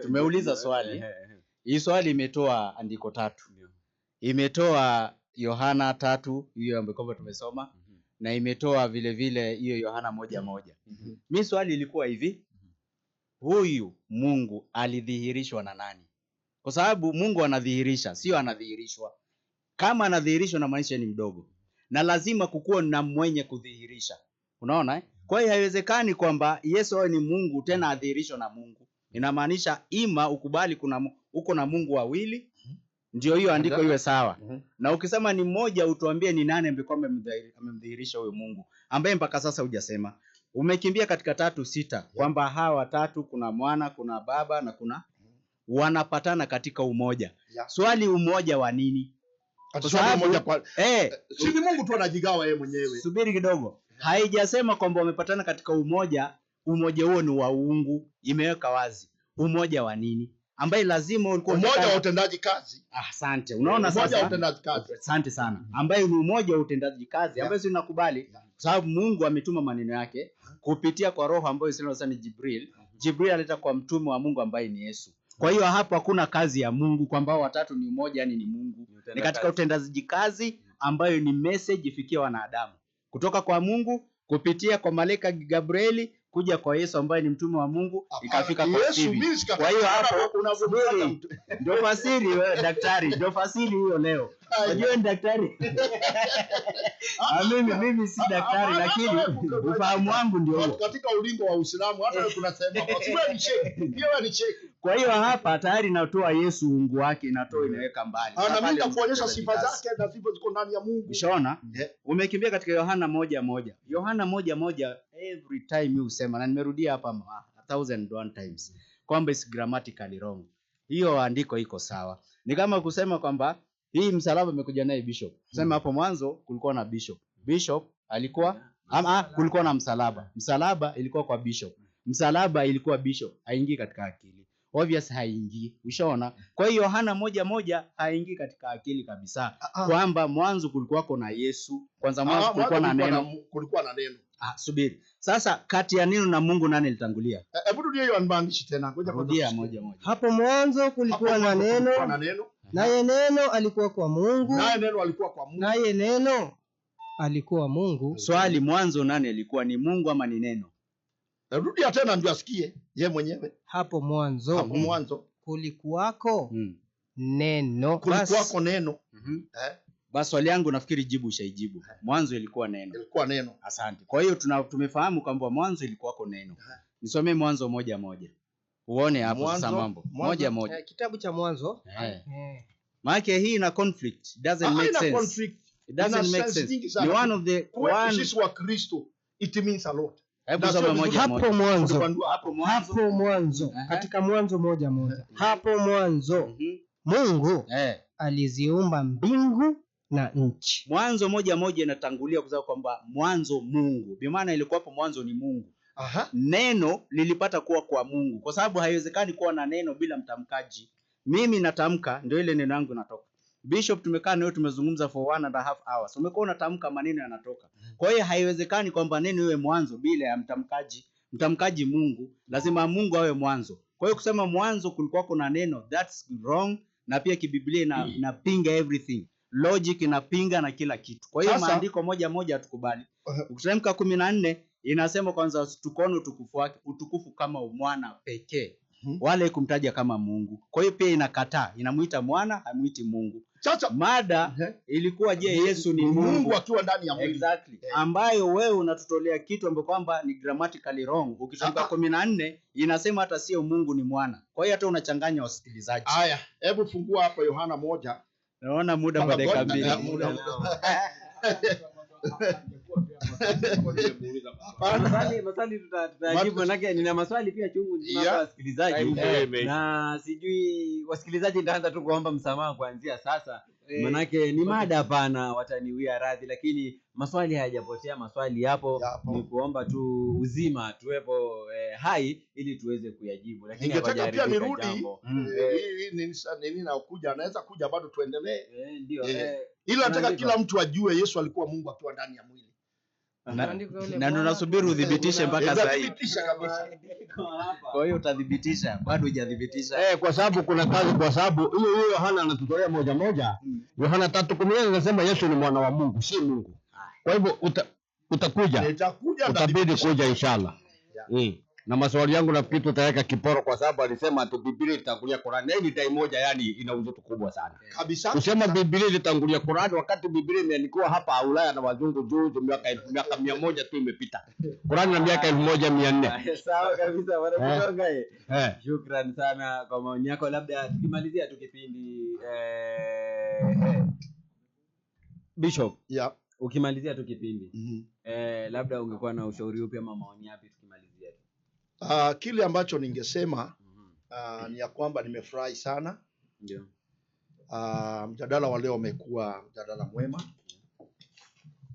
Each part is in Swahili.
tumeuliza swali. Hii swali imetoa andiko tatu, imetoa Yohana tatu hiyo ambayo kwamba tumesoma mhm. na imetoa vile vile hiyo Yohana moja mhm. moja mhm. mi swali ilikuwa hivi, huyu Mungu alidhihirishwa na nani? Kwa sababu Mungu anadhihirisha, sio anadhihirishwa. Kama anadhihirishwa na maisha ni mdogo, na lazima kukuwa na mwenye kudhihirisha. Unaona eh? Kwa hiyo haiwezekani kwamba Yesu awe ni Mungu tena adhihirishwa na Mungu inamaanisha ima ukubali kuna uko na Mungu wawili mhm. Ndio hiyo andiko iwe sawa mm -hmm. Na ukisema ni mmoja, utuambie ni nani ambiko amemdhihirisha huyo Mungu ambaye mpaka sasa hujasema. Umekimbia katika tatu sita yeah. Kwamba hawa watatu kuna mwana, kuna baba na kuna mhm. wanapatana katika umoja yeah. Swali, umoja wa nini? Kwa... Eh, eh Mungu tu anajigawa yeye mwenyewe. Subiri kidogo, haijasema kwamba wamepatana katika umoja umoja huo ni wa uungu, imeweka wazi umoja wa nini ambaye lazima ulikuwa umoja wa utendaji kazi. Ah, asante, ah, unaona umoja wa utendaji kazi. Asante sana ambaye ni umoja wa utendaji kazi ambaye si nakubali, kwa sababu Mungu ametuma maneno yake kupitia kwa roho ambayo sio sana Jibril Jibril aleta kwa mtume wa Mungu ambaye ni Yesu kwa hiyo hapo hakuna kazi ya Mungu kwamba watatu ni umoja, yani ni Mungu ni katika utendaji kazi ambayo ni message ifikie wanadamu kutoka kwa Mungu kupitia kwa malaika Gabrieli kuja kwa Yesu ambaye ni mtume wa Mungu ikafika kwa Steve. Kwa hiyo hapo unasubiri, ndio fasiri daktari, ndio fasiri hiyo leo. Unajua ni daktari ah, mimi, mimi si daktari, lakini ufahamu wangu ndio huo. Katika ulingo wa Uislamu hata tunasema kwa ni ni cheki. cheki. Pia Kwa hiyo hapa tayari natoa Yesu uungu wake, natoa inaweka mbali, Na mimi nitakuonyesha sifa zake na sifa ziko ndani ya Mungu. Ushaona, eh. umekimbia katika Yohana moja moja, Yohana moja moja every time you usema na nimerudia hapa a thousand one times kwamba is grammatically wrong. Hiyo andiko iko sawa. Ni kama kusema kwamba hii msalaba imekuja naye bishop. Sema hapo mwanzo kulikuwa na bishop. Bishop alikuwa ama kulikuwa na msalaba. Msalaba ilikuwa kwa bishop. Msalaba ilikuwa bishop. Haingii katika akili. Obvious haingii. Ushaona? Kwa hiyo Yohana moja moja haingii katika akili kabisa ah, ah. kwamba mwanzo kulikuwa na Yesu. Kwanza mwanzo ah, kulikuwa na neno. Kulikuwa na neno. Ah, subiri sasa, kati ya neno na Mungu nani litangulia? Eh, eh, hebu rudia hiyo anbandishi tena, ngoja rudia moja moja. Hapo mwanzo kulikuwa na neno, Na neno. naye neno alikuwa kwa Mungu, naye neno alikuwa kwa Mungu, naye neno alikuwa Mungu. Swali, mwanzo nani alikuwa, ni Mungu ama ni neno? Eh, rudia tena ndio asikie yeye mwenyewe. Hapo mwanzo, hapo mwanzo kulikuwako hmm. neno, kulikuwako neno. mm -hmm. eh? Bas swali yangu nafikiri jibu ushaijibu. Mwanzo ilikuwa neno. Ilikuwa neno. Asante. Kwa hiyo tuna tumefahamu kwamba mwanzo ilikuwa kwa neno. Nisomee Mwanzo moja moja. Uone hapo sasa mambo. Moja moja. Eh, kitabu cha Mwanzo. Eh. eh. Maana hii ina conflict. Doesn't ah, make sense. Conflict. It doesn't make sense. Ni one of the one sisi wa Kristo. It means a lot. Hebu soma moja hapo mwanzo. Hapo mwanzo. Hapo mwanzo. Katika Mwanzo moja moja. Mhm. Hapo mwanzo. Mhm. Mungu eh, aliziumba mbingu na nchi. Mwanzo moja moja inatangulia kusema kwamba mwanzo Mungu, bi maana ilikuwapo mwanzo ni Mungu. Aha. Neno lilipata kuwa kwa Mungu, kwa sababu haiwezekani kuwa na neno bila mtamkaji. Mimi natamka, ndio ile neno yangu natoka. Bishop, tumekaa nawe tumezungumza for one and a half hours, umekuwa unatamka maneno yanatoka. Kwa hiyo haiwezekani kwamba neno iwe mwanzo bila ya mtamkaji. Mtamkaji Mungu, lazima Mungu awe mwanzo. Kwa hiyo kusema mwanzo kulikuwa kuna neno, that's wrong, na pia kibiblia hmm. inapinga everything logic inapinga na kila kitu. Kwa hiyo maandiko moja moja hatukubali. Ukisemka kumi na nne inasema kwanza tukuone utukufu wake, utukufu kama mwana pekee Hmm. Wala kumtaja kama Mungu. Kwa hiyo pia inakataa, inamuita mwana, hamuiti Mungu. Chacha. Mada ilikuwa je, Yesu ni Mungu, Mungu akiwa ndani ya mwili. Exactly. Yeah. Ambayo wewe unatutolea kitu ambacho kwamba ni grammatically wrong. Ukisoma ah, ah. kumi na nne inasema hata sio Mungu ni mwana. Kwa hiyo hata unachanganya wasikilizaji. Haya, hebu fungua hapa Yohana moja naona muda kwa dakika mbili maswali tutajibu, manake nina maswali pia chungu nzima yeah. Wasikilizaji na sijui wasikilizaji, nitaanza tu kuomba msamaha kuanzia sasa Eh, manake ni mada pana wataniwia radhi, lakini maswali hayajapotea, maswali yapo, yapo. Ni kuomba tu uzima tuwepo eh, hai ili tuweze kuyajibu, lakini ningetaka pia nirudi eh, hmm. nini anaweza kuja bado tuendelee, eh, ndio ila nataka kila mtu ajue Yesu alikuwa Mungu akiwa ndani ya mwili na ndo nasubiri uthibitishe mpaka sasa hivi. Kwa hiyo utathibitisha, bado hujathibitisha eh, kwa sababu kuna kazi, kwa sababu hiyo hiyo Yohana anatutolea moja moja. Yohana hmm, tatu kumi anasema Yesu ni mwana wa Mungu, si Mungu. Kwa hivyo uta, utakuja utabidi kuja inshallah, yeah. hmm na maswali yangu nafikiri tutaweka kiporo, kwa sababu alisema tu Biblia ilitangulia Qur'an. Hii ni dai moja, yani ina uzito kubwa sana eh. kabisa kusema Biblia ilitangulia Qur'an wakati Biblia imeandikwa hapa Ulaya na wazungu juzi, miaka mia moja tu imepita, Qur'an na miaka elfu moja mia nne eh, Sawa kabisa bwana Kutonga. Eh, eh. shukrani sana kwa maoni yako, labda tukimalizia tu kipindi eh, Bishop, yeah ukimalizia tu kipindi mm -hmm. Eh, labda ungekuwa na ushauri upi ama maoni yapi? Uh, kile ambacho ningesema uh, ni ya kwamba nimefurahi sana yeah. Uh, mjadala wa leo umekuwa mjadala mwema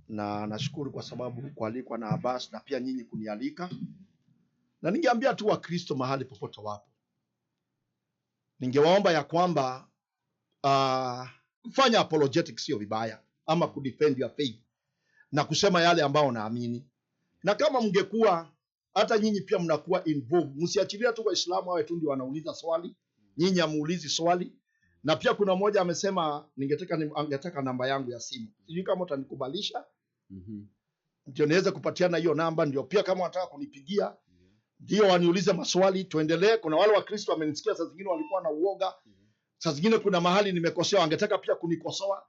na nashukuru kwa sababu kualikwa na Abbas na pia nyinyi kunialika, na ningeambia tu Wakristo mahali popote wapo, ningewaomba ya kwamba uh, kufanya apologetics sio vibaya, ama kudefend your faith na kusema yale ambayo naamini, na kama mngekuwa hata nyinyi pia mnakuwa involved. Msiachilia tu Waislamu wawe tu ndio wanauliza swali, nyinyi amuulizi swali. Na pia kuna mmoja amesema ningetaka angetaka namba yangu ya simu, sijui kama utanikubalisha. mm -hmm. Ndio niweze kupatiana hiyo namba, ndio pia kama wanataka kunipigia mm-hmm. ndio waniulize maswali, tuendelee. Kuna wale Wakristo wamenisikia, saa zingine walikuwa na uoga, mm-hmm. saa zingine kuna mahali nimekosea wangetaka pia kunikosoa,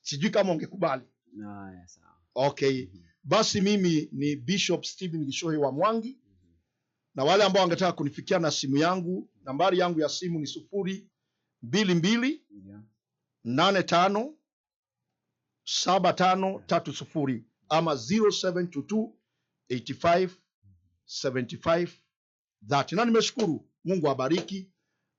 sijui kama ungekubali. No, yes, okay. mm -hmm. Basi mimi ni Bishop Stephen Gishoi wa Mwangi, na wale ambao wangetaka kunifikia na simu yangu, nambari yangu ya simu ni sufuri mbili mbili nane tano saba tano tatu sufuri ama 0722 that. Na nimeshukuru Mungu abariki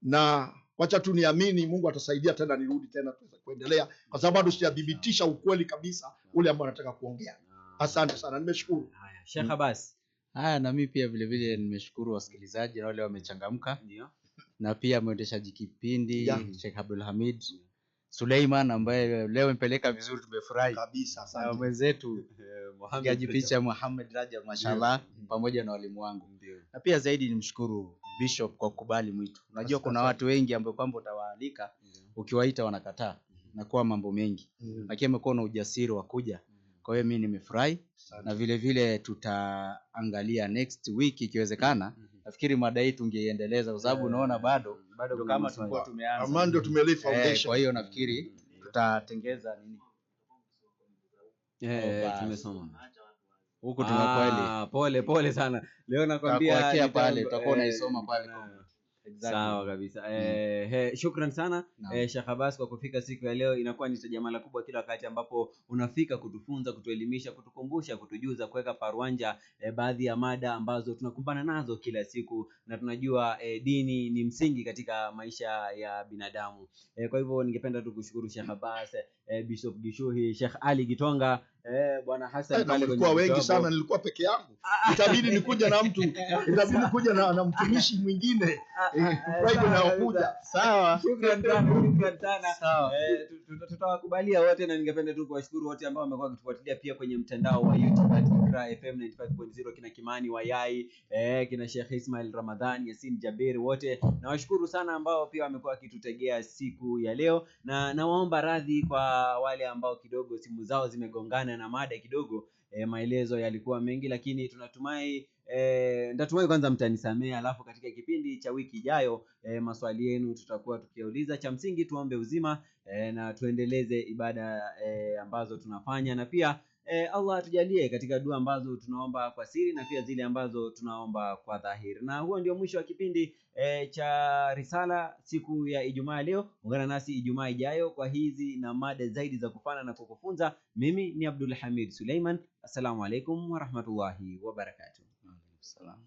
na wacha tu niamini Mungu atasaidia tena nirudi tena tuweze kuendelea, kwa sababu bado sijadhibitisha ukweli kabisa ule ambao anataka kuongea. Asante sana, nimeshukuru. Haya, Shekha, hmm. basi haya, na mimi pia vilevile nimeshukuru wasikilizaji wale wamechangamka, ndio na pia mwendeshaji kipindi Sheikh Abdul Hamid Suleiman ambaye leo amepeleka vizuri, tumefurahi kabisa. mwenzetu mpigaji picha Muhammad Rajab, mashallah, hmm. pamoja na walimu wangu na pia zaidi nimshukuru Bishop kwa kukubali mwito. Unajua kuna watu wengi ambao kwamba utawaalika ukiwaita wanakataa hmm. na kuwa mambo mengi, lakini amekuwa na ujasiri wa kuja Ndiyo kwa hiyo mimi nimefurahi na vile vile tutaangalia next week ikiwezekana. mm -hmm. Nafikiri mada hii tungeiendeleza kwa sababu eh, unaona yeah. bado mm, bado kama tulikuwa tumeanza Amando tumeli eh, foundation. eh, Kwa hiyo nafikiri mm, mm, tutatengeza nini eh, yeah, tumesoma huko tuna ah, kweli. Pole pole sana leo nakwambia pale, utakuwa eh, unaisoma pale kwa sawa kabisa mm. eh, eh shukran sana no. eh, kwa kufika siku ya leo inakuwa ni tajamala kubwa kila wakati ambapo unafika kutufunza kutuelimisha kutukumbusha kutujuza kuweka paruanja eh, baadhi ya mada ambazo tunakumbana nazo kila siku na tunajua eh, dini ni msingi katika maisha ya binadamu eh, kwa hivyo ningependa tu kushukuru Sheikh eh, Bishop Gishuhi shekh Ali Gitonga Eh, bwana Hassan pale eh, wengi sana, nilikuwa peke yangu, ah, ah. itabidi nikuja na mtu, itabidi kuja na, na mtumishi mwingine Friday ah, eh, eh, Sawa, shukrani sana, shukrani sana. Tutawakubalia wote, na ningependa tu kuwashukuru wote ambao wamekuwa wakitufuatilia pia kwenye mtandao wa YouTube at Iqra FM 95.0, kina Kimani Wayai, eh, kina Sheikh Ismail Ramadhan, Yasin Jabir, wote nawashukuru sana ambao pia wamekuwa wakitutegea siku ya leo, na nawaomba radhi kwa wale ambao kidogo simu zao zimegongana kuhusiana na mada kidogo e, maelezo yalikuwa mengi, lakini tunatumai E, eh, natumai kwanza mtanisamea, alafu katika kipindi cha wiki ijayo e, maswali yenu tutakuwa tukiuliza. Cha msingi tuombe uzima e, na tuendeleze ibada e, ambazo tunafanya na pia e, Allah atujalie katika dua ambazo tunaomba kwa siri na pia zile ambazo tunaomba kwa dhahiri. Na huo ndio mwisho wa kipindi e, cha risala siku ya Ijumaa leo. Ungana nasi Ijumaa ijayo kwa hizi na mada zaidi za kufana na kukufunza. Mimi ni Abdul Hamid Suleiman, assalamu alaikum warahmatullahi wabarakatuh. Waalaikumsalam.